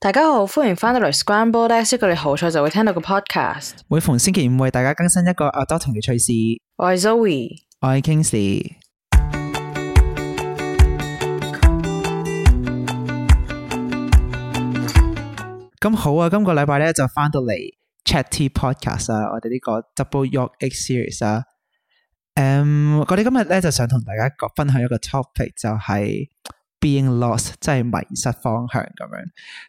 大家好，歡迎翻到嚟 Scrambled Eggs 你好彩就會聽到個 podcast，每逢星期五為大家更新一個 adulting 嘅趣事。我係 Zoe，我係 Kingsley。咁好啊，今個禮拜咧就翻到嚟 Chatty Podcast 啊，我哋呢個 Double Yolk Egg Series 啊。Um, 我哋今日咧就想同大家分享一個 topic，就係、是。Being lost 即係迷失方向咁樣，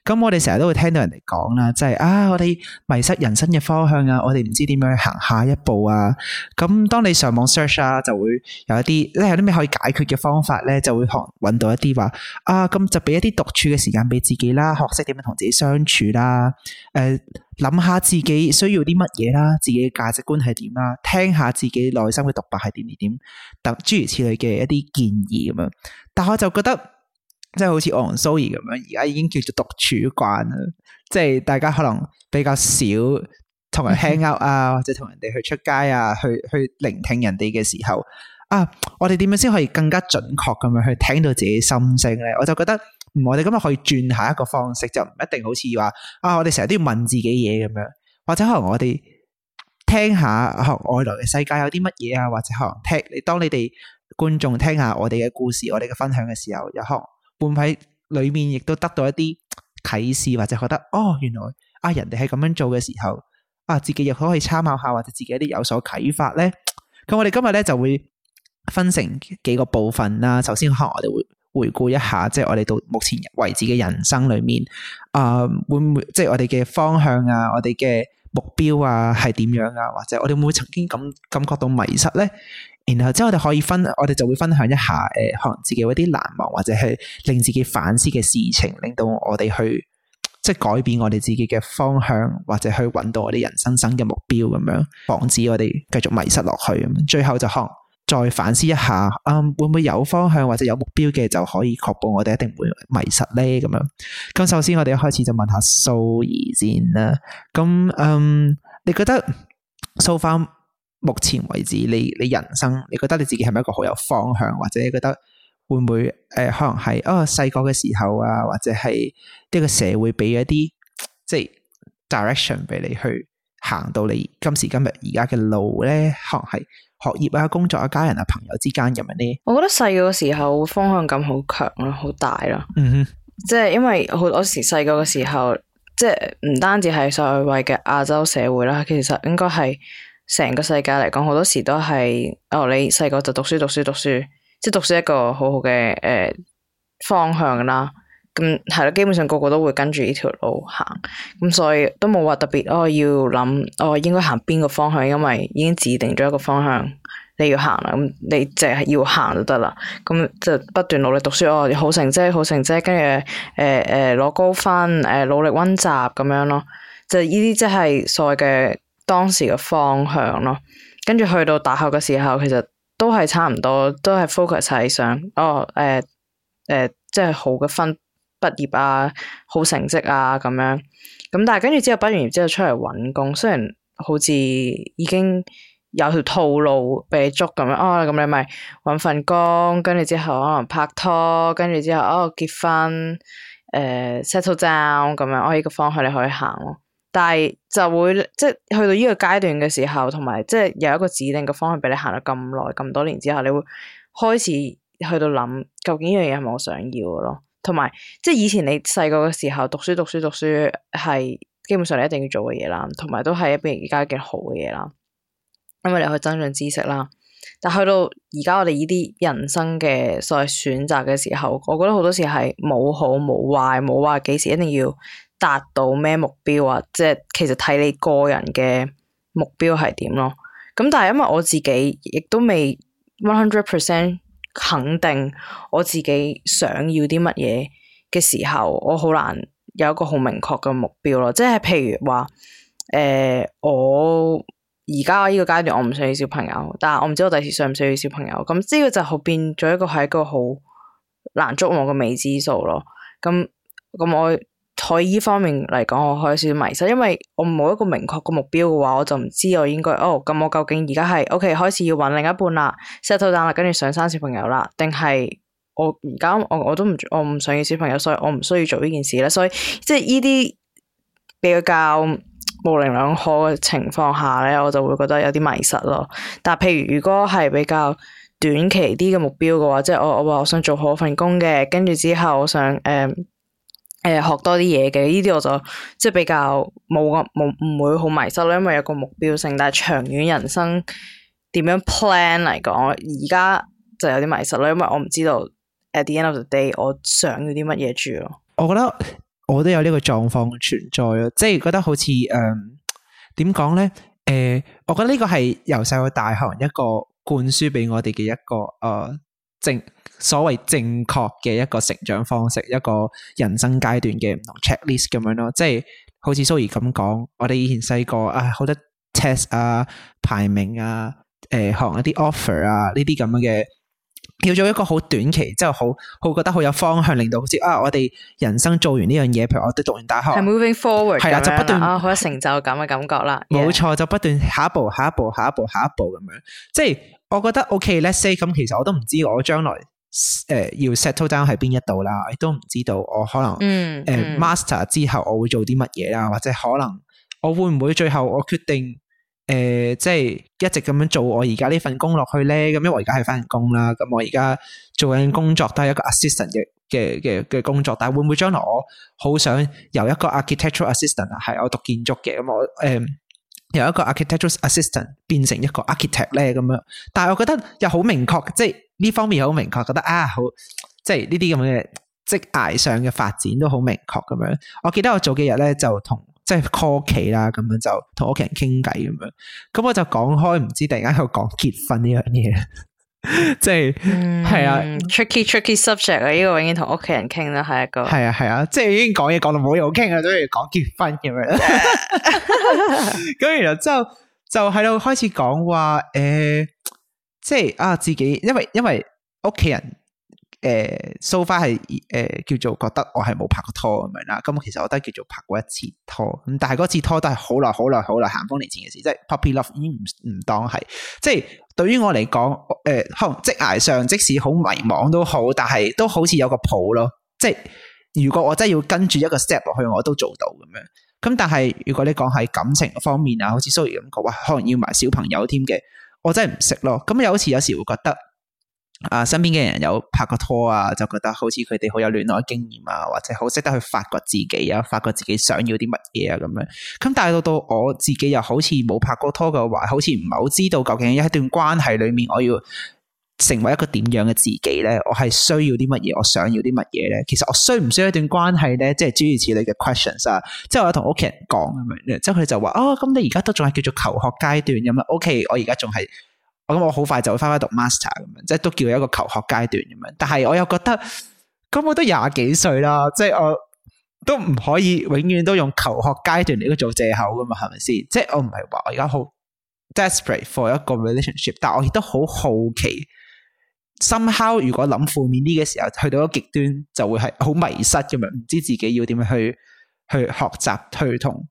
咁我哋成日都會聽到人哋講啦，即係啊，我哋迷失人生嘅方向啊，我哋唔知點樣行下一步啊。咁當你上網 search 啊，就會有一啲咧有啲咩可以解決嘅方法咧，就會學搵到一啲話啊，咁就俾一啲獨處嘅時間俾自己啦，學識點樣同自己相處啦。誒、呃，諗下自己需要啲乜嘢啦，自己嘅價值觀係點啦，聽下自己內心嘅獨白係點點點等諸如此類嘅一啲建議咁樣。但我就覺得，即係好似我同 Sori 咁樣，而家已經叫做獨處慣啦。即係大家可能比較少同人 hang out 啊，或者同人哋去出街啊，去去聆聽人哋嘅時候啊，我哋點樣先可以更加準確咁樣去聽到自己心聲咧？我就覺得，我哋今日可以轉下一個方式，就唔一定好似話啊，我哋成日都要問自己嘢咁樣，或者可能我哋聽下可能外來嘅世界有啲乜嘢啊，或者可能聽你，當你哋。觀眾聽下我哋嘅故事，我哋嘅分享嘅時候，又可能會唔會喺裏面亦都得到一啲啟示，或者覺得哦，原來啊人哋係咁樣做嘅時候，啊自己又可以參考下，或者自己一啲有所啟發咧。咁我哋今日咧就會分成幾個部分啦。首先，可能我哋會回顧一下，即係我哋到目前為止嘅人生裏面啊、呃，會唔會即係我哋嘅方向啊，我哋嘅目標啊係點樣啊，或者我哋會唔會曾經感感覺到迷失咧？然後即係我哋可以分，我哋就會分享一下，誒、呃，可能自己有啲難忘或者係令自己反思嘅事情，令到我哋去即係改變我哋自己嘅方向，或者去揾到我哋人生新嘅目標咁樣，防止我哋繼續迷失落去。咁最後就可能再反思一下，嗯、啊，會唔會有方向或者有目標嘅就可以確保我哋一定唔會迷失咧咁樣。咁首先我哋一開始就問下 Zoe 先啦。咁，嗯、um，你覺得 so far？So far，目前為止，你你人生你覺得你自己係咪一個好有方向，或者你覺得會唔會誒、呃，可能係哦細個嘅時候啊，或者係一個社會俾一啲即係 direction 俾你去行到你今時今日而家嘅路咧，可能係學業啊、工作啊、家人啊、朋友之間咁樣咧。我覺得細個嘅時候方向感好強咯，好大咯。嗯哼，即係因為好多時細個嘅時候，即係唔單止係所謂嘅亞洲社會啦，其實應該係。成個世界嚟講，好多時都係哦，你細個就讀書讀書讀書，即係讀書一個好好嘅誒方向啦。咁係啦，基本上個個都會跟住呢條路行。咁、嗯、所以都冇話特別哦要諗哦應該行邊個方向，因為已經指定咗一個方向你要行啦。咁、嗯、你淨係要行就得啦。咁、嗯、就不斷努力讀書哦，好成績好成績，跟住誒誒攞高分，誒、呃、努力温習咁樣咯。就呢啲即係所謂嘅。當時嘅方向咯，跟住去到大學嘅時候，其實都係差唔多，都係 focus 喺上哦，誒、呃、誒、呃，即係好嘅分畢業啊，好成績啊咁樣。咁但係跟住之後畢完業之後出嚟揾工，雖然好似已經有條套路俾你捉咁樣，哦咁你咪揾份工，跟住之後可能拍拖，跟住之後哦結婚，誒、呃、settle down 咁樣，哦呢、呢個方向你可以行咯。但係就會即係去到呢個階段嘅時候，同埋即係有一個指定嘅方向俾你行咗咁耐咁多年之後，你會開始去到諗究竟呢樣嘢係咪我想要嘅咯，同埋即係以前你細個嘅時候，讀書讀書讀書係基本上你一定要做嘅嘢啦，同埋都係一邊而家嘅好嘅嘢啦，因為你去增進知識啦。但去到而家我哋呢啲人生嘅所謂選擇嘅時候，我覺得好多時係冇好冇壞冇話幾時一定要。達到咩目標啊？即係其實睇你個人嘅目標係點咯。咁但係因為我自己亦都未 one hundred percent 肯定我自己想要啲乜嘢嘅時候，我好難有一個好明確嘅目標咯。即係譬如話，誒、呃，我而家呢個階段我唔想要小朋友，但係我唔知我第時想唔想要小朋友。咁呢個就變咗一個係一個好難捉摸嘅未知數咯。咁咁我。喺依方面嚟講，我開始迷失，因為我冇一個明確個目標嘅話，我就唔知我應該哦，咁我究竟而家係 OK 開始要搵另一半啦，settle down 啦，跟住想生小朋友啦，定係我而家我我都唔我唔想要小朋友，所以我唔需要做呢件事咧。所以即係呢啲比較模棱兩可嘅情況下咧，我就會覺得有啲迷失咯。但譬如如果係比較短期啲嘅目標嘅話，即係我我話我想做好份工嘅，跟住之後我想誒。嗯誒，學多啲嘢嘅，呢啲我就即係比較冇咁冇唔會好迷失咯，因為有個目標性。但係長遠人生點樣 plan 嚟講，而家就有啲迷失咯，因為我唔知道 at the end of the day，我想要啲乜嘢住咯，就是呃呃。我覺得我都有呢個狀況存在咯，即係覺得好似誒點講咧？誒，我覺得呢個係由細到大可能一個灌輸俾我哋嘅一個誒。呃正所謂正確嘅一個成長方式，一個人生階段嘅唔同 checklist 咁樣咯，即係好似 Zoe 咁講，我哋以前細個啊，好多 test 啊、排名啊、誒、呃，學一啲 offer 啊呢啲咁樣嘅，要做一個好短期，即係好好覺得好有方向，令到好似啊，我哋人生做完呢樣嘢，譬如我都讀完大學，係 moving forward，係啊，就不斷啊，好有成就感嘅感覺啦。冇錯，就不斷 Yeah. 下一步，下一步，下一步，下一步咁樣，即係。我覺得 OK，let's、okay, say 咁，其實我都唔知我將來誒、呃、要 settle down 喺邊一度啦，亦都唔知道我可能誒、嗯嗯呃、master 之後我會做啲乜嘢啦，或者可能我會唔會最後我決定誒、呃、即係一直咁樣做我而家呢份工落去咧？咁因為我而家係翻工啦，咁我而家做緊工作都係一個 assistant 嘅嘅嘅嘅工作，但會唔會將來我好想由一個 architectural assistant 啊，係我讀建築嘅咁我誒。呃由一個 architectural assistant 變成一個 architect 咧，咁樣，但係我覺得又好明確，即係呢方面好明確，覺得啊好，即係呢啲咁嘅職涯上嘅發展都好明確咁樣。我記得我早幾日咧就同即係 call 企啦，咁樣就同屋企人傾偈咁樣，咁我就講開，唔知突然間喺度講結婚呢樣嘢， 即係係啊 tricky tricky subject 啊，呢個永遠同屋企人傾啦，係一個，係啊係啊，即係已經講嘢講到冇嘢好傾啦，都要講結婚咁樣。 咁 然後之後就喺度開始講話，誒、呃，即係啊，自己因為因為屋企人，誒，so far 係誒叫做覺得我係冇拍過拖咁樣啦。咁其實我都叫做拍過一次拖，咁但係嗰次拖都係好耐好耐好耐咸豐年前嘅事，即係 puppy love 已經唔唔當係。即係對於我嚟講，誒、呃，可能職涯上即使好迷茫都好，但係都好似有個譜咯。即係如果我真係要跟住一個 step 落去，我都做到咁樣。咁但係如果你講喺感情方面啊，好似 Zoe 咁講，哇，可能要埋小朋友添嘅，我真係唔識咯。咁又好似有時會覺得，啊、呃，身邊嘅人有拍過拖啊，就覺得好似佢哋好有戀愛經驗啊，或者好識得去發掘自己啊，發掘自己想要啲乜嘢啊咁樣。咁但係到到我自己又好似冇拍過拖嘅話，好似唔係好知道究竟喺一段關係裏面我要。成為一個點樣嘅自己咧，我係需要啲乜嘢，我想要啲乜嘢咧？其實我需唔需要一段關係咧？即係諸如此類嘅 questions 啊！即係我有同屋企人講咁樣，即係佢就話：，哦，咁你而家都仲係叫做求學階段咁樣。OK，我而家仲係，我咁我好快就會翻翻讀 master 咁樣，即係都叫一個求學階段咁樣。但係我又覺得，咁我都廿幾歲啦，即係我都唔可以永遠都用求學階段嚟做借口噶嘛？係咪先？即係我唔係話我而家好 desperate for 一個 relationship，但係我亦都好好奇。深烤，如果諗負面啲嘅時候，去到咗極端，就會係好迷失咁樣，唔知自己要點樣去去學習去同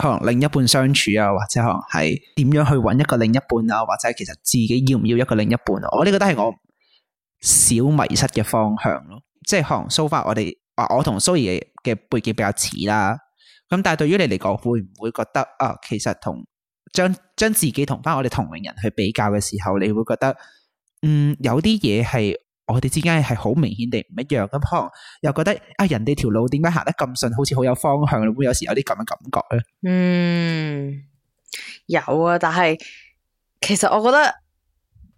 可能另一半相處啊，或者可能係點樣去揾一個另一半啊，或者其實自己要唔要一個另一半啊？我呢覺得係我少迷失嘅方向咯。即係可能 so far，我哋啊，我同 Zoe 嘅背景比較似啦。咁但係對於你嚟講，會唔會覺得啊、哦？其實同將將自己同翻我哋同齡人去比較嘅時候，你會覺得？嗯，有啲嘢係我哋之間係好明顯地唔一樣，咁可能又覺得啊，人哋條路點解行得咁順，好似好有方向，會有時有啲咁嘅感覺咧。嗯，有啊，但係其實我覺得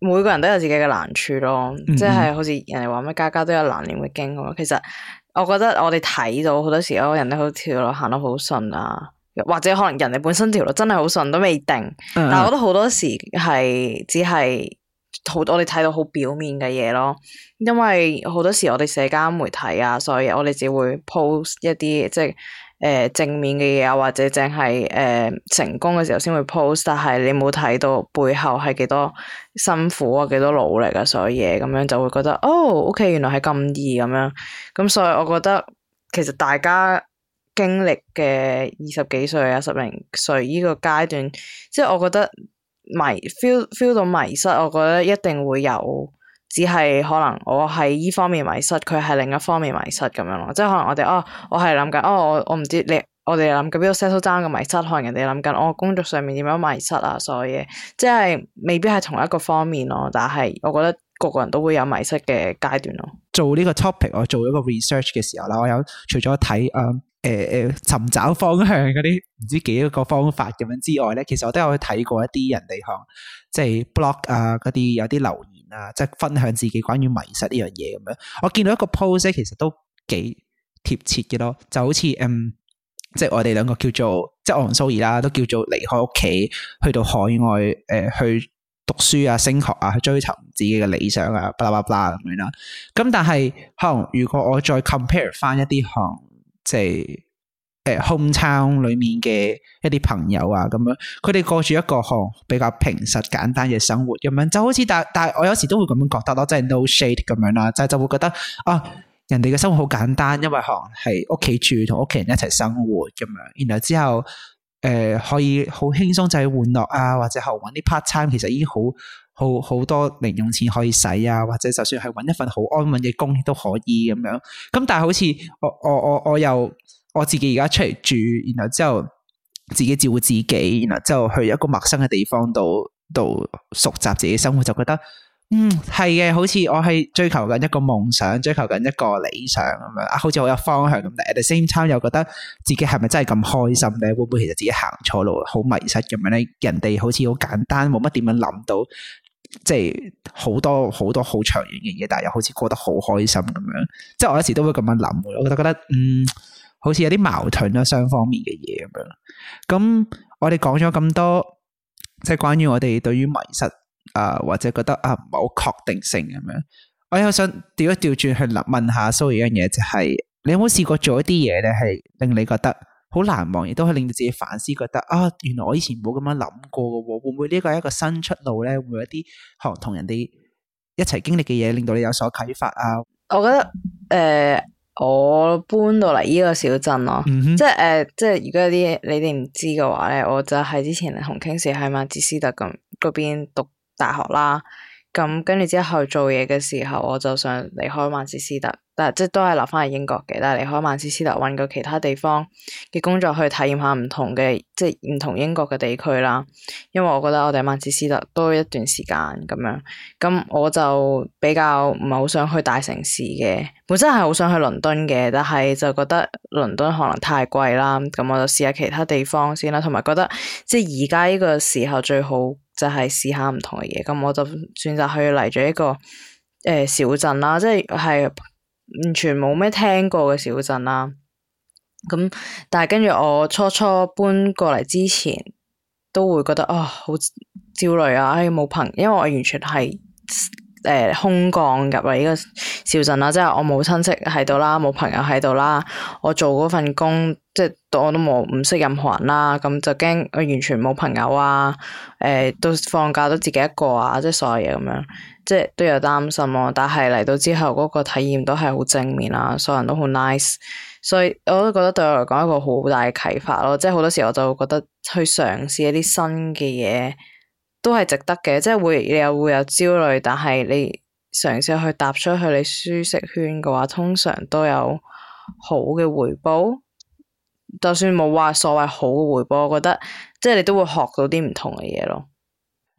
每個人都有自己嘅難處咯，嗯嗯，即係好似人哋話咩，家家都有難念嘅經。其實我覺得我哋睇到好多時候，哦，人哋好似條路行得好順啊，或者可能人哋本身條路真係好順都未定，但係我覺得好多時係只係、嗯嗯。好多你睇到好表面嘅嘢咯，因為好多時我哋社交媒體啊，所以我哋只會 post 一啲即係誒、呃、正面嘅嘢啊，或者淨係誒成功嘅時候先會 post，但係你冇睇到背後係幾多辛苦啊，幾多努力啊，所有嘢咁樣就會覺得哦、oh，OK，原來係咁易咁樣，咁所以我覺得其實大家經歷嘅二十幾歲啊、十零歲依個階段，即係我覺得。迷 feel feel 到迷失，我覺得一定會有，只係可能我喺依方面迷失，佢係另一方面迷失咁樣咯。即係可能我哋哦，我係諗緊，哦，我哦我唔知你，我哋諗緊邊個 settle down 嘅迷失，可能人哋諗緊我工作上面點樣迷失啊，所以嘢，即係未必係同一個方面咯。但係我覺得個個人都會有迷失嘅階段咯。做呢個 topic，我做一個 research 嘅時候啦，我有除咗睇誒。Um, 誒誒，尋、呃、找方向嗰啲唔知幾多個方法咁樣之外咧，其實我都有去睇過一啲人哋行，即係 blog 啊，嗰啲有啲留言啊，即係分享自己關於迷失呢樣嘢咁樣。我見到一個 post 其實都幾貼切嘅咯，就好似嗯，即係我哋兩個叫做，即係我同 Zoe 啦，都叫做離開屋企去到海外誒、呃、去讀書啊、升學啊、去追尋自己嘅理想啊，巴拉巴拉咁樣啦。咁但係可能如果我再 compare 翻一啲行。即係誒，hometown 裏面嘅一啲朋友啊，咁樣佢哋過住一個嗬比較平實簡單嘅生活咁樣，就好似但但係我有時都會咁樣覺得咯，即係 no shade 咁樣啦，就係就會覺得啊，人哋嘅生活好簡單，因為可能係屋企住同屋企人一齊生活咁樣，然後之後誒、呃、可以好輕鬆就去玩樂啊，或者後揾啲 part time，其實已經好。好好多零用錢可以使啊，或者就算係揾一份好安穩嘅工都可以咁樣。咁但係好似我我我我又我自己而家出嚟住，然後之後自己照顧自己，然後之後去一個陌生嘅地方度度熟習自己生活，就覺得嗯係嘅，好似我係追求緊一個夢想，追求緊一個理想咁樣啊，好似好有方向咁。但係，the same time 又覺得自己係咪真係咁開心咧？會唔會其實自己行錯路，好迷失咁樣咧？人哋好似好簡單，冇乜點樣諗到。即係好多好多好長遠嘅嘢，但係又好似過得好開心咁樣。即係我有時都會咁樣諗，我覺得覺得嗯，好似有啲矛盾咯、啊，雙方面嘅嘢咁樣。咁我哋講咗咁多，即係關於我哋對於迷失啊，或者覺得啊唔係好確定性咁樣。我又想調一調轉去問一下蘇一樣嘢，就係、是、你有冇試過做一啲嘢咧，係令你覺得？好難忘，亦都係令到自己反思，覺得啊，原來我以前冇咁樣諗過嘅，會唔會呢個係一個新出路咧？會唔會一啲學同人哋一齊經歷嘅嘢，令到你有所啟發啊？我覺得誒、呃，我搬到嚟呢個小鎮咯、嗯哼呃，即係誒，即係如果有啲你哋唔知嘅話咧，我就係之前同 Kingsley 喺曼徹斯特咁嗰邊讀大學啦，咁跟住之後做嘢嘅時候，我就想離開曼徹斯特。但係即係都係留翻喺英國嘅，但係離開曼徹斯特揾個其他地方嘅工作去體驗下唔同嘅，即係唔同英國嘅地區啦。因為我覺得我哋曼徹斯特多一段時間咁樣，咁我就比較唔係好想去大城市嘅。本身係好想去倫敦嘅，但係就覺得倫敦可能太貴啦。咁我就試下其他地方先啦，同埋覺得即係而家呢個時候最好就係試下唔同嘅嘢。咁我就選擇去嚟咗一個誒、呃、小鎮啦，即係。係。完全冇咩聽過嘅小鎮啦，咁但係跟住我初初搬過嚟之前，都會覺得啊好、呃、焦慮啊，哎、欸、冇朋友，因為我完全係誒、呃、空降入嚟呢個小鎮啦，即係我冇親戚喺度啦，冇朋友喺度啦，我做嗰份工即係我都冇唔識任何人啦，咁就驚我完全冇朋友啊，誒、呃、都放假都自己一個啊，即係所有嘢咁樣。即係都有擔心咯、啊，但係嚟到之後嗰個體驗都係好正面啦、啊，所有人都好 nice，所以我都覺得對我嚟講一個好大嘅啟發咯。即係好多時候我就會覺得去嘗試一啲新嘅嘢都係值得嘅，即係會、你有、會有焦慮，但係你嘗試去踏出去你舒適圈嘅話，通常都有好嘅回報。就算冇話所謂好嘅回報，我覺得即係你都會學到啲唔同嘅嘢咯。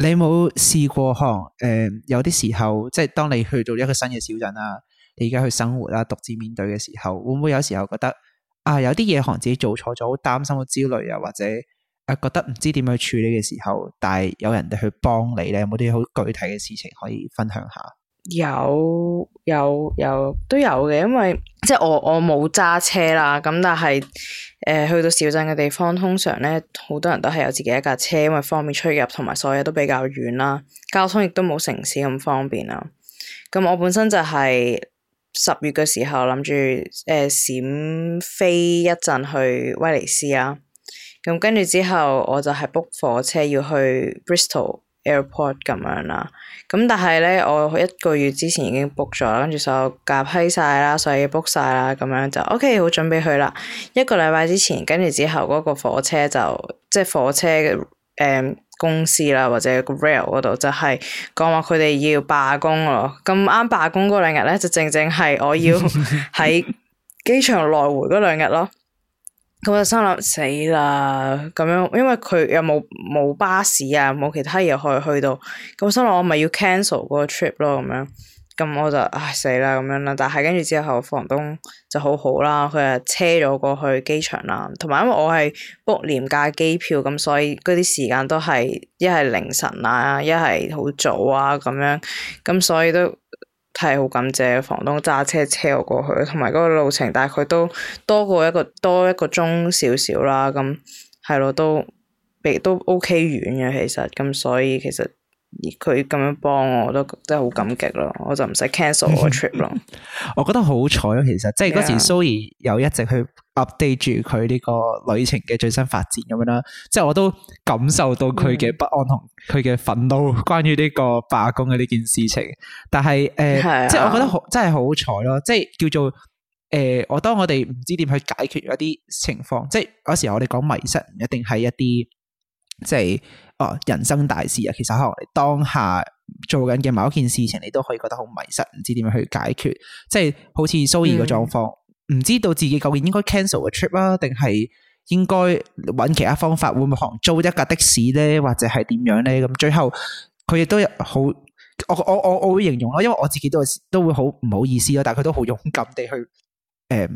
你有冇試過嗬？誒、呃，有啲時候，即係當你去到一個新嘅小鎮啊，你而家去生活啊，獨自面對嘅時候，會唔會有時候覺得啊，有啲嘢可能自己做錯咗，好擔心、好焦慮啊，或者啊，覺得唔知點樣去處理嘅時候，但係有人哋去幫你咧，有冇啲好具體嘅事情可以分享下？有有有都有嘅，因為即係我我冇揸車啦，咁但係誒、呃、去到小鎮嘅地方，通常咧，好多人都係有自己一架車，因為方便出入同埋所有都比較遠啦，交通亦都冇城市咁方便啊。咁、嗯、我本身就係十月嘅時候諗住誒閃飛一陣去威尼斯啊，咁跟住之後我就係 book 火車要去 Bristol。airport 咁樣啦，咁但係咧，我一個月之前已經 book 咗，跟住所有夾批晒啦，所以 book 晒啦，咁樣就 OK，好準備去啦。一個禮拜之前，跟住之後嗰個火車就即係火車誒、嗯、公司啦，或者 rail 嗰度就係講話佢哋要罷工咯。咁啱罷工嗰兩日咧，就正正係我要喺機場來回嗰兩日咯。 咁我就心諗死啦，咁樣，因為佢又冇冇巴士啊，冇其他嘢可以去到，咁我心諗我咪要 cancel 嗰個 trip 咯，咁樣，咁我就唉死啦，咁樣啦，但係跟住之後房東就好好啦，佢啊車咗我過去機場啦，同埋因為我係 book 廉價機票，咁所以嗰啲時間都係一係凌晨啊，一係好早啊，咁樣，咁所以都。係好感謝房東揸車車我過去，同埋嗰個路程大概都多過一個多一個鐘少少啦，咁係咯，都都 OK 遠嘅其實，咁所以其實佢咁樣幫我，我都真係好感激咯，我就唔使 cancel 我個 trip 咯。 我覺得好彩咯，其實即係嗰時 Sally 有一直去。update 住佢呢個旅程嘅最新發展咁樣啦，即係我都感受到佢嘅不安同佢嘅憤怒，關於呢個罷工嘅呢件事情。但係誒，呃是啊、即係我覺得好真係好彩咯，即係叫做誒、呃，我當我哋唔知點去解決一啲情況，即係嗰時候我哋講迷失，唔一定係一啲即係哦人生大事啊。其實可能你當下做緊嘅某一件事情，你都可以覺得好迷失，唔知點樣去解決。即係好似蘇怡個狀況。嗯嗯唔知道自己究竟應該 cancel 個 trip 啊，定係應該搵其他方法，會唔會可能租一架的士咧，或者係點樣咧？咁最後佢亦都有好，我我我我會形容咯，因為我自己都都會好唔好意思咯，但係佢都好勇敢地去，誒、呃，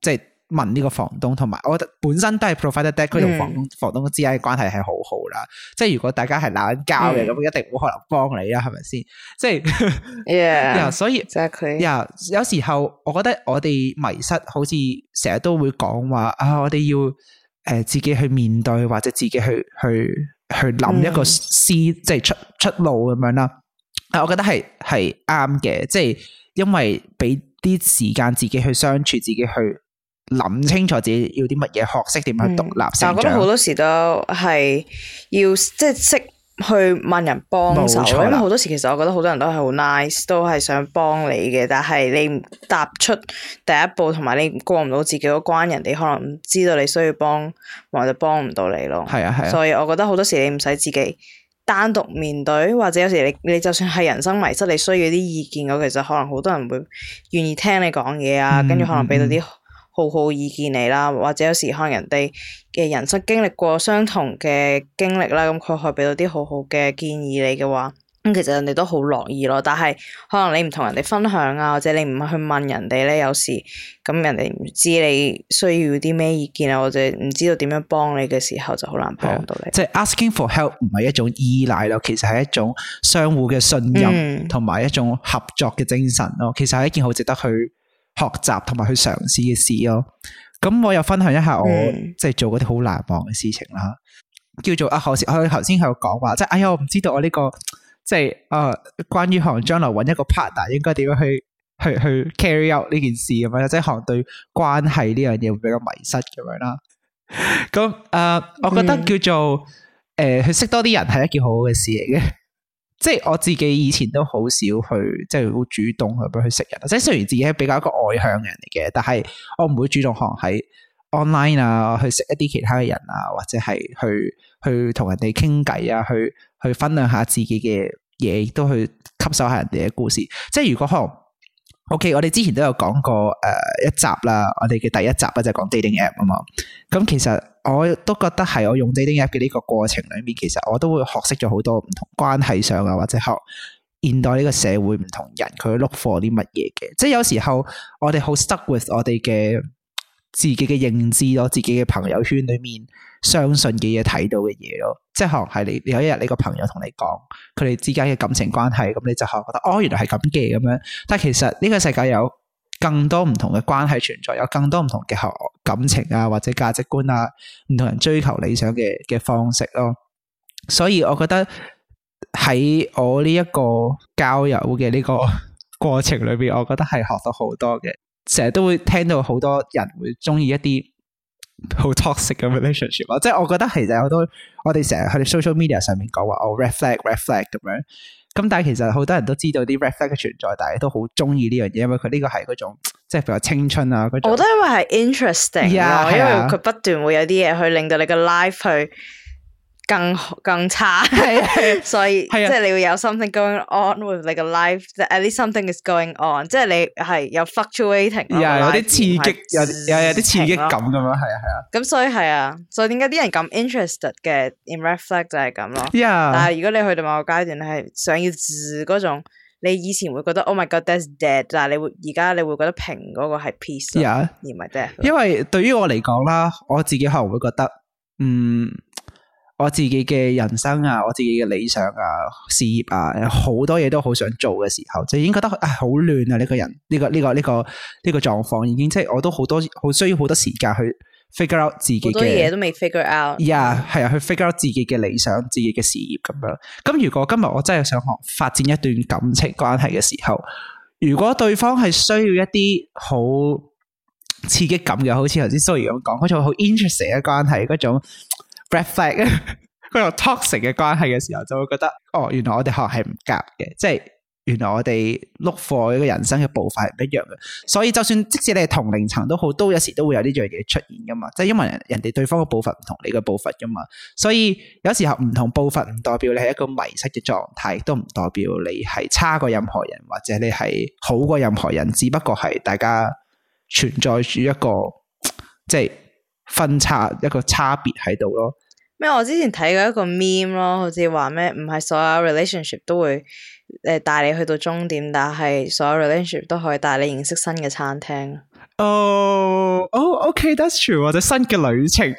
即係。問呢個房東，同埋我覺得本身都係 provide debt，佢同房、嗯、東房東之間嘅關係係好好啦。嗯、即係如果大家係嗌交嘅，咁、嗯、一定冇可能幫你啦，係咪先？即係， yeah, 所以，即佢。有時候我覺得我哋迷失，好似成日都會講話啊，我哋要誒、呃、自己去面對，或者自己去去去諗一個思，嗯、即係出出路咁樣啦。啊，我覺得係係啱嘅，即係因為俾啲時間自己去相處，自己去。諗清楚自己要啲乜嘢，學識點樣獨立成長。嗯、但係咁好多時都係要即係識去問人幫手。咁好多時其實我覺得好多人都係好 nice，都係想幫你嘅。但係你踏出第一步，同埋你過唔到自己嗰關，人哋可能唔知道你需要幫，或者幫唔到你咯。係啊係、啊、所以我覺得好多時你唔使自己單獨面對，或者有時你你就算係人生迷失，你需要啲意見，我其實可能好多人會願意聽你講嘢啊，跟住、嗯嗯、可能俾到啲。好好意見你啦，或者有時可能人哋嘅人生經歷過相同嘅經歷啦，咁佢可以俾到啲好好嘅建議你嘅話，咁其實人哋都好樂意咯。但係可能你唔同人哋分享啊，或者你唔去問人哋咧，有時咁人哋唔知你需要啲咩意見啊，或者唔知道點樣幫你嘅時候，就好難幫到你。即係、就是、asking for help 唔係一種依賴咯，其實係一種相互嘅信任同埋、嗯、一種合作嘅精神咯。其實係一件好值得去。學習同埋去嘗試嘅事咯。哦，咁我又分享一下我即係做嗰啲好難忘嘅事情啦，嗯、叫做啊，好似我頭先喺度講話，即、就、係、是、哎呀，我唔知道我呢、這個即係誒，關於行將來揾一個 partner 應該點樣去去去 carry out 呢件事咁樣，即、就、係、是、行對關係呢樣嘢會比較迷失咁樣啦。咁 誒、嗯啊，我覺得叫做誒、嗯呃，去識多啲人係一件好好嘅事嚟嘅。即係我自己以前都好少去，即係好主動去去識人。即係雖然自己係比較一個外向嘅人嚟嘅，但係我唔會主動可能喺 online 啊去識一啲其他嘅人啊，或者係去去同人哋傾偈啊，去去分享下自己嘅嘢，亦都去吸收下人哋嘅故事。即係如果可能，OK，我哋之前都有講過誒、uh, 一集啦，我哋嘅第一集啊就係、講 dating app 啊嘛。咁其實。我都覺得係我用 dating app 嘅，呢個過程裏面，其實我都會學識咗好多唔同關係上啊，或者學現代呢個社會唔同人佢 look for 啲乜嘢嘅。即係有時候我哋好 stuck with 我哋嘅自己嘅認知咯，自己嘅朋友圈裏面相信嘅嘢、睇到嘅嘢咯。即係可能係你有一日你個朋友同你講佢哋之間嘅感情關係，咁你就可能覺得哦，原來係咁嘅咁樣。但係其實呢個世界有。更多唔同嘅關係存在，有更多唔同嘅學感情啊，或者價值觀啊，唔同人追求理想嘅嘅方式咯。所以我覺得喺我呢一個交友嘅呢個過程裏邊，我覺得係學到好多嘅。成日都會聽到好多人會中意一啲好 toxic 嘅 relationship，即係我覺得其實好多我哋成日去啲 social media 上面講話，哦，reflect，reflect 咁樣。咁但係其實好多人都知道啲 r e f l e c t 存在，但係都好中意呢樣嘢，因為佢呢個係嗰種即係比較青春啊，嗰種我都 Yeah, 因為係 interesting，因為佢不斷會有啲嘢去令到你個 life 去。更更差，所以即係你會有 something going on with 你個 life，at least something is going on，即係你係有 fluctuating，有啲刺激，有有有啲刺激感咁樣，係啊係啊。咁所以係啊，所以點解啲人咁 interested 嘅 in reflect 就係咁咯。但係如果你去到某個階段，你係想要自嗰種，你以前會覺得 oh my god that's dead，但係你會而家你會覺得平嗰個係 peace，而唔係 dead。因為對於我嚟講啦，我自己可能會覺得嗯。我自己嘅人生啊，我自己嘅理想啊、事業啊，好多嘢都好想做嘅時候，就已經覺得、哎、亂啊好亂啊呢個人呢、這個呢、呢個呢、呢個呢、呢個狀況，已經即係我都好多好需要好多時間去 figure out 自己嘅嘢都未 figure out，y、yeah, 係啊去 figure out 自己嘅理想、自己嘅事業咁樣。咁如果今日我真係想學發展一段感情關係嘅時候，如果對方係需要一啲好刺激感嘅，好似頭先 Zoe 咁講，嗰種好 interesting 嘅關係嗰種。b e a k f a c t 啊，佢有 talk 成嘅關係嘅時候，就會覺得哦，原來我哋可能係唔夾嘅，即係原來我哋碌 o o k 個人生嘅步伐係唔一樣嘅，所以就算即使你係同齡層都好，都有時都會有呢樣嘢出現噶嘛，就因為人哋對方嘅步伐唔同你嘅步伐噶嘛，所以有時候唔同步伐唔代表你係一個迷失嘅狀態，都唔代表你係差過任何人，或者你係好過任何人，只不過係大家存在住一個即係。分差一個差別喺度咯。咩？我之前睇過一個 meme 咯，好似話咩唔係所有 relationship 都會誒、呃、帶你去到終點，但係所有 relationship 都可以帶你認識新嘅餐廳。哦，哦，OK，that's true，或者新嘅旅程、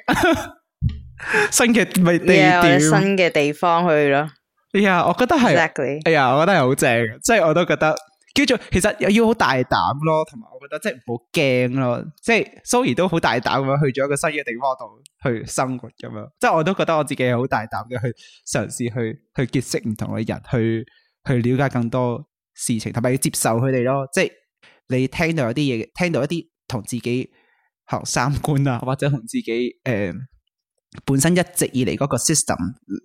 新嘅地點、yeah, 或者新嘅地方去咯。Yeah, Exactly. 哎呀，我覺得係，哎呀，我覺得係好正，即係我都覺得。叫做其實又要好大膽咯，同埋我覺得即係唔好驚咯，即係 sorry 都好大膽咁樣去咗一個新嘅地方度去生活咁樣，即係我都覺得我自己係好大膽嘅去嘗試去去結識唔同嘅人，去去了解更多事情，同埋要接受佢哋咯。即係你聽到有啲嘢，聽到一啲同自己學三觀啊，或者同自己誒、呃、本身一直以嚟嗰個 system，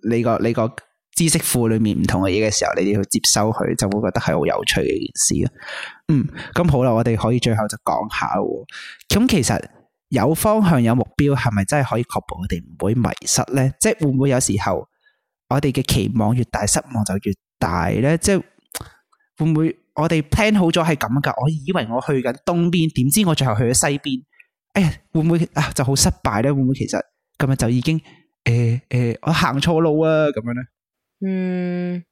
你個你個。知識庫裏面唔同嘅嘢嘅時候，你哋去接收佢，就會覺得係好有趣嘅一件事咯。嗯，咁好啦，我哋可以最後就講下，咁其實有方向有目標，係咪真係可以確保我哋唔會迷失咧？即係會唔會有時候我哋嘅期望越大，失望就越大咧？即係會唔會我哋 plan 好咗係咁噶？我以為我去緊東邊，點知我最後去咗西邊？哎呀，會唔會啊就好失敗咧？會唔會其實今日就已經誒誒、呃呃、我行錯路啊咁樣咧？嗯，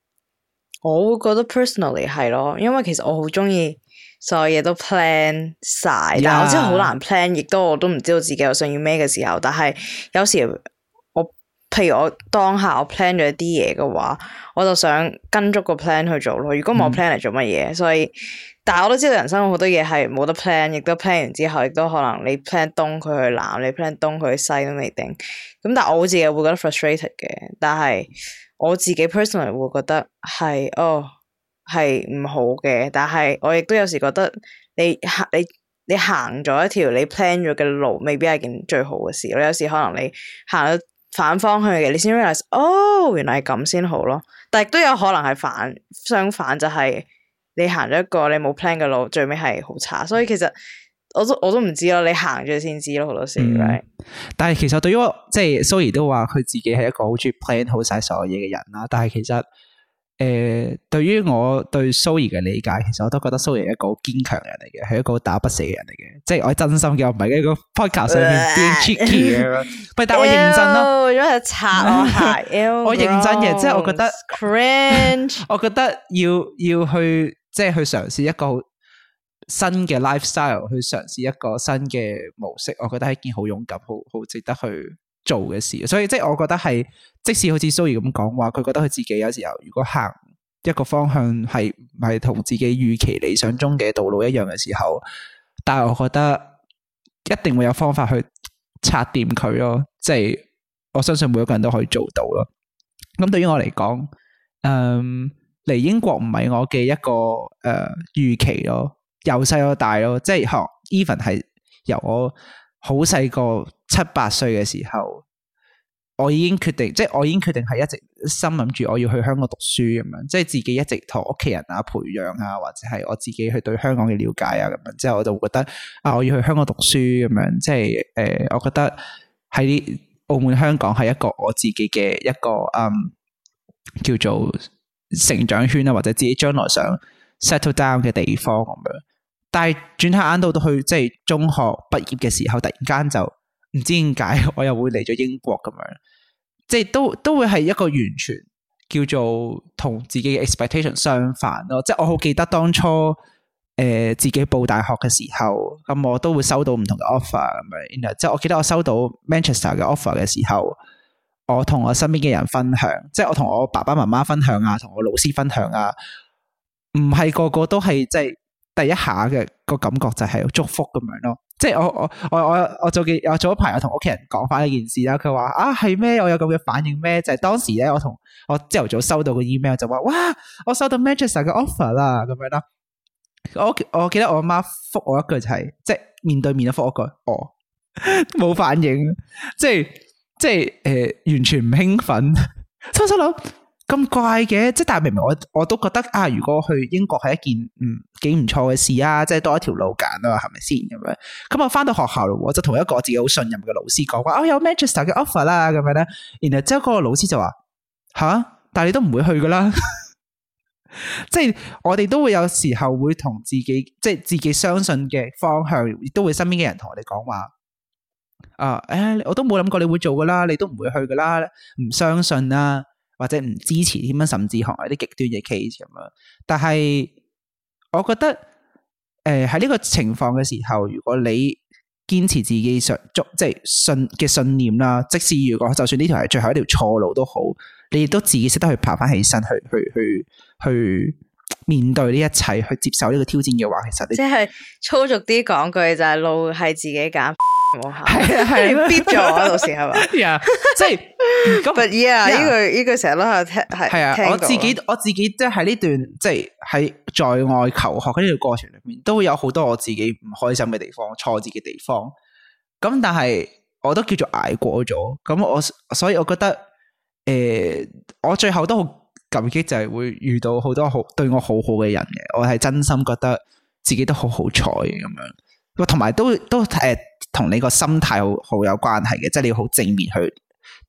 我會覺得 personally 係咯，因為其實我好中意所有嘢都 plan 晒，Yeah. 但係我真係好難 plan，亦都我都唔知道自己我想要咩嘅時候。但係有時我譬如我當下我 plan 咗啲嘢嘅話，我就想跟足個 plan 去做咯。如果冇 plan 嚟做乜嘢，mm. 所以，但係我都知道人生好多嘢係冇得 plan，亦都 plan 完之後，亦都可能你 plan 東佢去南，你 plan 東佢去西都未定。咁，但係我自己會覺得 frustrated 嘅，但係。我自己 personally 會覺得係哦，係唔好嘅，但係我亦都有時覺得你行你你行咗一條你 plan 咗嘅路，未必係件最好嘅事。你有時可能你行咗反方向嘅，你先 realize 哦，原來係咁先好咯。但係都有可能係反，相反就係你行咗一個你冇 plan 嘅路，最尾係好差。所以其實。我都我都唔知咯，你行咗先知咯好多時、嗯。但係其實對於我即係 Zoe 都話佢自己係一個好中意 plan 好晒所有嘢嘅人啦。但係其實誒、呃，對於我對 Zoe 嘅理解，其實我都覺得 Zoe 係一個堅強人嚟嘅，係一個打不死嘅人嚟嘅。即係我真心嘅，我唔係一個 podcast 上面 chicky，但係我認真咯，因為慘我認真嘅，即係我覺得，Cringe. 我覺得要要去即係去嘗試一個新嘅 lifestyle 去嘗試一個新嘅模式，我覺得係一件好勇敢、好好值得去做嘅事。所以即係我覺得係，即使好似 s o r 怡咁講話，佢覺得佢自己有時候如果行一個方向係唔係同自己預期理想中嘅道路一樣嘅時候，但係我覺得一定會有方法去拆掂佢咯。即係我相信每一個人都可以做到咯。咁對於我嚟講，嗯，嚟英國唔係我嘅一個誒預、呃、期咯。由細到大咯，即係學 Even 係由我好細個七八歲嘅時候，我已經決定，即係我已經決定係一直心諗住我要去香港讀書咁樣，即係自己一直同屋企人啊培養啊，或者係我自己去對香港嘅了解啊咁樣，之後我就覺得啊我要去香港讀書咁樣，即係誒、呃，我覺得喺澳門、香港係一個我自己嘅一個誒、嗯、叫做成長圈啊，或者自己將來想 settle down 嘅地方咁樣。但係轉頭眼到到去，即係中學畢業嘅時候，突然間就唔知點解，我又會嚟咗英國咁樣，即係都都會係一個完全叫做同自己嘅 expectation 相反咯。即係我好記得當初誒、呃、自己報大學嘅時候，咁、嗯、我都會收到唔同嘅 offer 咁樣。然後即係我記得我收到 Manchester 嘅 offer 嘅時候，我同我身邊嘅人分享，即係我同我爸爸媽媽分享啊，同我老師分享啊，唔係個個都係即係。第一下嘅個感覺就係祝福咁樣咯，即係我我我我我早幾，我早一排，我同屋企人講翻呢件事啦。佢話啊係咩？我有咁嘅反應咩？就係當時咧，我同我朝頭早收到個 email 就話哇，我收到 Manchester 嘅 offer 啦咁樣啦。我我記得我阿媽復我一句就係，即係面對面都復一句，哦，冇反應，即係即係誒，完全唔興奮。收收咯。咁怪嘅，即係但係明明我我都覺得啊，如果去英國係一件唔幾唔錯嘅事啊，即係多一條路揀啊，係咪先咁樣？咁我返到學校咯，我就同一個自己好信任嘅老師講話，我有 Manchester 嘅 offer 啦，啊，咁樣咧。然後之後嗰個老師就話：吓，啊，但係你都唔會去噶啦。即 係我哋都會有時候會同自己，即係自己相信嘅方向，亦都會身邊嘅人同我哋講話。啊，誒，欸，我都冇諗過你會做噶啦，你都唔會去噶啦，唔相信啦，啊。或者唔支持添樣，甚至行一啲極端嘅 case 咁樣。但係我覺得，誒喺呢個情況嘅時候，如果你堅持自己上足，即係信嘅信，信念啦，即使如果就算呢條係最後一條錯路都好，你亦都自己識得去爬翻起身，去去去去面對呢一切，去接受呢個挑戰嘅話，其實你即係粗俗啲講句就係路係自己揀。係 啊係啦，逼咗老師係嘛？即係，But yeah，呢句 Yeah.、這個，呢句成日都係聽，係啊 Yeah. 過，我自己我自己即係喺呢段即係喺在外求學嘅呢段過程裏面，都會有好多我自己唔開心嘅地方、挫折嘅地方。咁但係我都叫做挨過咗。咁我所以我覺得，誒、呃，我最後都好感激，就係會遇到好多好對我好好嘅人嘅。我係真心覺得自己都好好彩咁樣。哇，同埋都都誒。都都呃同你個心態好好有關係嘅，即係你要好正面去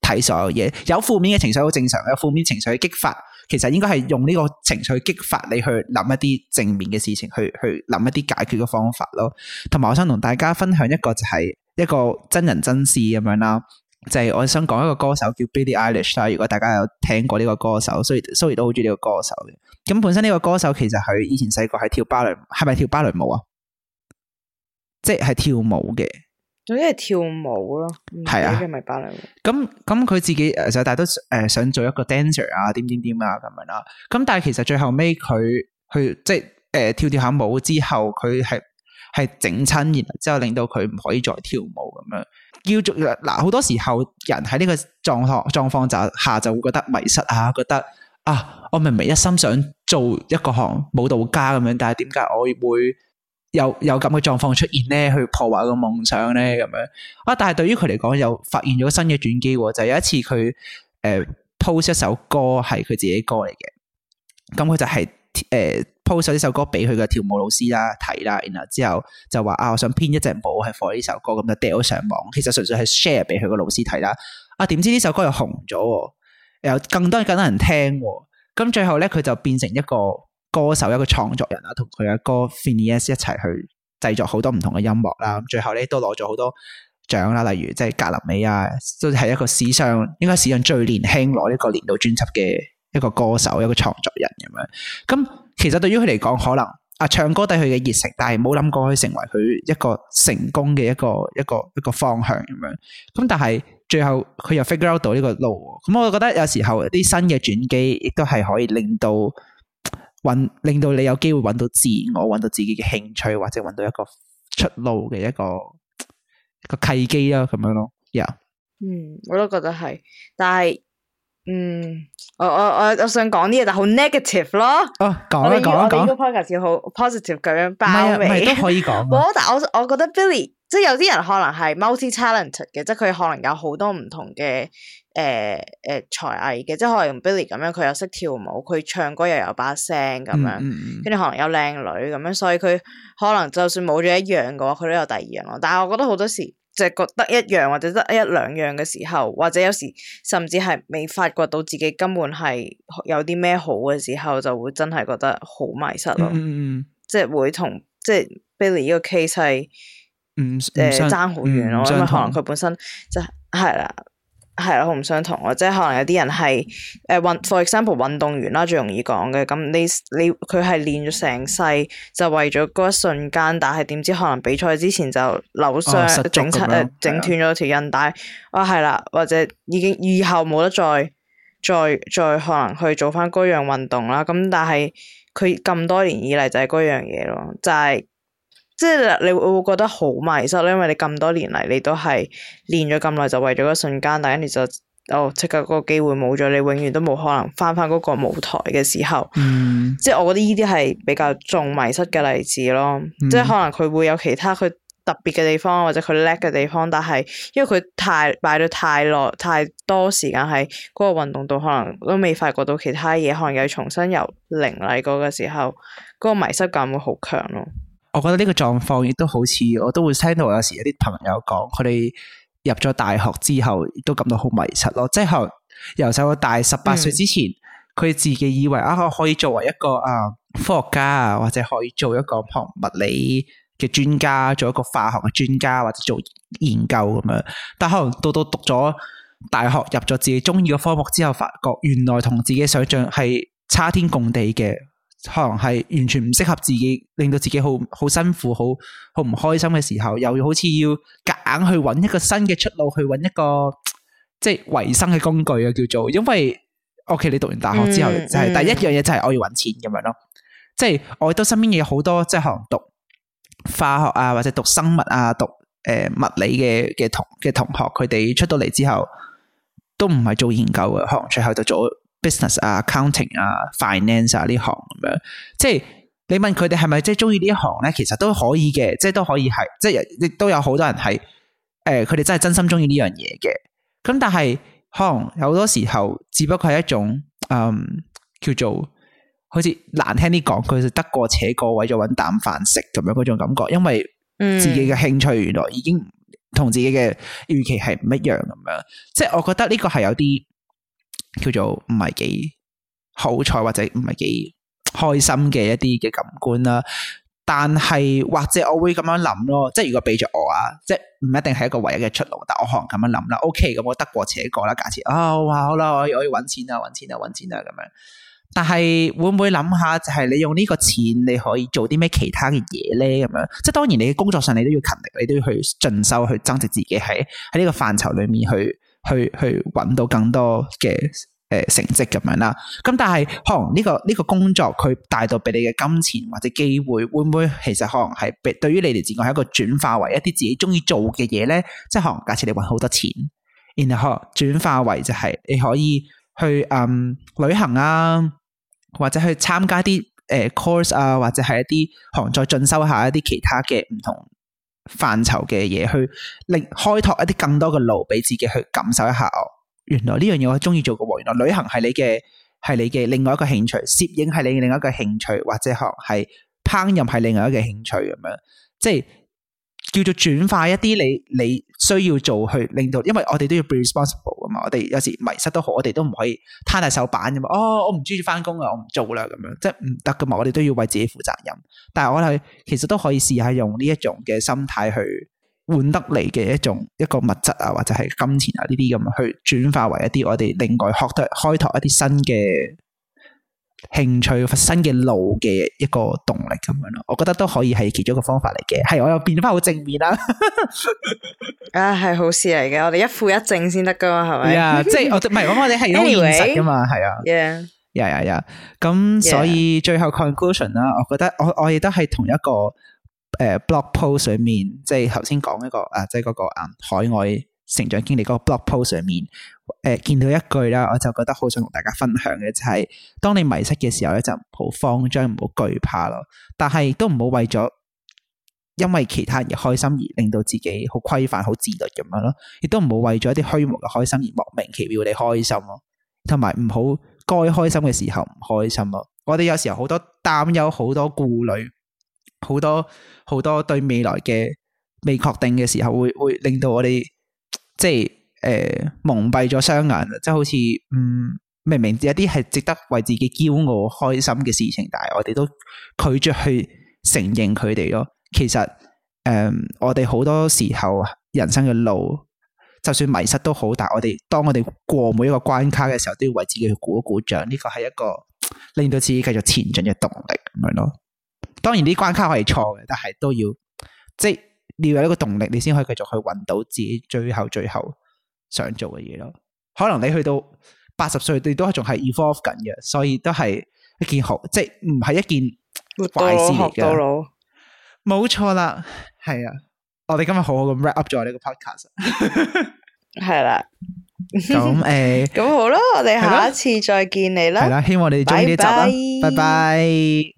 睇所有嘢。有負面嘅情緒好正常，有負面情緒去激發，其實應該係用呢個情緒去激發你去諗一啲正面嘅事情，去去諗一啲解決嘅方法咯。同埋，我想同大家分享一個就係一個真人真事咁樣啦，就係我想講一個歌手叫 Billie Eilish。如果大家有聽過呢個歌手，Sorry，sorry，都好中意呢個歌手嘅。咁本身呢個歌手其實佢以前細個係跳芭蕾，係咪跳芭蕾舞啊？即係跳舞嘅。總之係跳舞咯，係啊，咁咁佢自己誒就大多誒想做一個 dancer 啊，點點點啊咁樣啦。咁但係其實最後尾，佢去即係誒、呃、跳跳下舞之後，佢係係整親，然後之後令到佢唔可以再跳舞咁樣。要做嗱好多時候人喺呢個狀況狀況下下就會覺得迷失啊，覺得啊我明明一心想做一個舞舞蹈家咁樣，但係點解我會？有有咁嘅狀況出現咧，去破壞個夢想咧，咁樣啊！但係對於佢嚟講，又發現咗新嘅轉機喎。就是、有一次佢誒、呃、post 一首歌係佢自己歌嚟嘅，咁、嗯、佢就係、是、誒、呃、post 咗呢首歌俾佢嘅跳舞老師啦睇啦，然後之後就話啊，我想編一隻舞係放呢首歌，咁就掉咗上網。其實純粹係 share 俾佢個老師睇啦。啊，點知呢首歌又紅咗，又更多更多人聽。咁、嗯、最後咧，佢就變成一個歌手一個創作人啊，同佢阿哥 Finneas 一齊去製作好多唔同嘅音樂啦，咁最後咧都攞咗好多獎啦，例如即係格林美啊，都係一個史上應該史上最年輕攞呢個年度專輯嘅一個歌手一個創作人咁樣。咁其實對於佢嚟講，可能啊唱歌對佢嘅熱誠，但係冇諗過去成為佢一個成功嘅一個一個一個方向咁樣。咁但係最後佢又 figure out 到呢個路，咁我覺得有時候啲新嘅轉機亦都係可以令到。揾令到你有機會揾到自我，揾到自己嘅興趣，或者揾到一個出路嘅一個一個契機咯，啊，咁樣咯，係，yeah. 嗯，我都覺得係，但係。嗯，我我我我想講啲嘢，但好 negative 咯。哦，講一講一講。個 project 要好 positive 咁樣包尾，啊。唔係唔係都可以講，啊。 我但覺得 Billy，即係有啲人可能係 multi-talented 嘅，即係佢可能有好多唔同嘅誒誒才藝嘅，即係可能用 Billy 咁樣，佢又識跳舞，佢唱歌又有把聲咁樣，跟住，嗯嗯、可能有靚女咁樣，所以佢可能就算冇咗一樣嘅話，佢都有第二樣咯。但係我覺得好多時。就係覺得一樣或者得一兩樣嘅時候，或者有時甚至係未發覺到自己根本係有啲咩好嘅時候，就會真係覺得好迷失咯。嗯嗯，即係會同即係、就是、Billy 呢個 case 係唔誒爭好遠咯，因為、嗯、可能佢本身就係、是、啦。嗯係啦，好唔相同咯，即係可能有啲人係，誒、呃、運，for example，運動員啦，最容易講嘅，咁你你佢係練咗成世就為咗嗰一瞬間，但係點知可能比賽之前就扭傷整出誒整斷咗條韌帶，哦，係啦，或者已經以後冇得再再再可能去做翻嗰樣運動啦，咁但係佢咁多年以嚟就係嗰樣嘢咯，就係、是。即係你你會覺得好迷失咯，因為你咁多年嚟，你都係練咗咁耐，就為咗一瞬間，但係跟住就哦，即刻個機會冇咗，你永遠都冇可能返返嗰個舞台嘅時候。嗯。即係我覺得呢啲係比較重迷失嘅例子咯。嗯。即係可能佢會有其他佢特別嘅地方，或者佢叻嘅地方，但係因為佢太擺咗太耐太多時間喺嗰個運動度，可能都未發覺到其他嘢，可能又重新由零嚟過嘅時候，嗰個迷失感會好強咯。我覺得呢個狀況亦都好似，我都會聽到有時有啲朋友講，佢哋入咗大學之後亦都感到好迷失咯。即係由細到大十八歲之前，佢、嗯、自己以為啊，可以作為一個啊科學家啊，或者可以做一個學物理嘅專家，做一個化學嘅專家，或者做研究咁樣。但可能到到讀咗大學，入咗自己中意嘅科目之後，發覺原來同自己想象係差天共地嘅。可能係完全唔適合自己，令到自己好好辛苦，好好唔開心嘅時候，又好似要夾硬去揾一個新嘅出路，去揾一個即係維生嘅工具啊，叫做因為，OK，你讀完大學之後、嗯、就係第一樣嘢就係我要搵錢咁樣咯，即係、嗯、我亦都身邊有好多即係可能讀化學啊或者讀生物啊讀誒、呃、物理嘅嘅同嘅同學，佢哋出到嚟之後都唔係做研究嘅，可能最後就做。Business 啊、accounting 啊、finance 啊呢行咁樣，即係你問佢哋係咪即係中意呢一行咧？其實都可以嘅，即係都可以係，即係亦都有好多人係誒，佢、呃、哋真係真心中意呢樣嘢嘅。咁但係可能有好多時候，只不過係一種嗯叫做好似難聽啲講，佢就得過且過為，為咗揾啖飯食咁樣嗰種感覺。因為自己嘅興趣原來已經同自己嘅預期係唔一樣咁樣。嗯、即係我覺得呢個係有啲。叫做唔係幾好彩或者唔係幾開心嘅一啲嘅感官啦，但係或者我會咁樣諗咯，即係如果俾咗我啊，即係唔一定係一個唯一嘅出路，但我可能咁樣諗啦。OK，咁我得過且過啦。假設啊，哦，好啦，我我可以搵錢啊，搵錢啊，搵錢啊咁樣。但係會唔會諗下，就係、是、你用呢個錢，你可以做啲咩其他嘅嘢咧？咁樣，即係當然你嘅工作上你都要勤力，你都要去進修去增值自己，喺喺呢個範疇裏面去。去去搵到更多嘅誒、呃、成績咁樣啦，咁但係可能呢、這個呢、這個工作佢帶到俾你嘅金錢或者機會，會唔會其實可能係對於你哋嚟講係一個轉化為一啲自己中意做嘅嘢咧？即係可能假設你搵好多錢，然後可能轉化為就係你可以去嗯、呃、旅行啊，或者去參加啲誒、呃、course 啊，或者係一啲可能再進修一下一啲其他嘅唔同。範疇嘅嘢去令開拓一啲更多嘅路俾自己去感受一下哦。原來呢樣嘢我中意做嘅，原來旅行係你嘅係你嘅另外一個興趣，攝影係你嘅另外一個興趣，或者可能係烹飪係另外一個興趣咁樣，即係。叫做轉化一啲你你需要做去令到，因為我哋都要 be responsible 噶嘛，我哋有時迷失都好，我哋都唔可以攤大手板㗎嘛，哦，我唔鍾意返工啊，我唔做啦咁樣，即係唔得噶嘛，我哋都要為自己負責任。但係我哋其實都可以試下用呢一種嘅心態去換得嚟嘅一種一個物質啊，或者係金錢啊呢啲咁去轉化為一啲我哋另外開拓開拓一啲新嘅。興趣新嘅路嘅一個動力咁樣咯，我覺得都可以係其中一個方法嚟嘅，係我又變返好正面啦， 啊係好事嚟嘅，我哋一負一正先得㗎嘛，係咪？啊，即係我唔係，我我哋係用現實㗎嘛，係啊，呀呀呀，咁所以最後 conclusion 啦，我覺得我我亦都係同一個誒 blog post 上面，即係頭先講一個啊，即係嗰個啊海外。成長經歷嗰個 blog post 上面，誒、呃、見到一句啦，我就覺得好想同大家分享嘅就係、是，當你迷失嘅時候咧，就唔好慌張，唔好懼怕咯。但係都唔好為咗因為其他人嘅開心而令到自己好規範、好自律咁樣咯。亦都唔好為咗一啲虛無嘅開心而莫名其妙地開心咯。同埋唔好該開心嘅時候唔開心咯。我哋有時候好多擔憂、好多顧慮、好多好多對未來嘅未確定嘅時候會，會會令到我哋。即係誒、呃，蒙蔽咗雙眼，即係好似嗯，明明有啲係值得為自己驕傲開心嘅事情，但係我哋都拒絕去承認佢哋咯。其實誒、呃，我哋好多時候人生嘅路，就算迷失都好，但係我哋當我哋過每一個關卡嘅時候，都要為自己去鼓一鼓掌。呢個係一個令到自己繼續前進嘅動力咁樣咯。當然啲關卡係錯嘅，但係都要即係。你要有一個動力，你先可以繼續去揾到自己最後最後想做嘅嘢咯。可能你去到八十歲，你都仲係 evolve 緊嘅，所以都係一件好，即係唔係一件壞事嚟嘅。冇錯啦，係啊。我哋今日好好咁 wrap up 咗呢個 podcast，係啦。咁誒，咁好啦，我哋下一次再見你啦。係啦，希望你哋中意呢集，拜拜 bye。Bye bye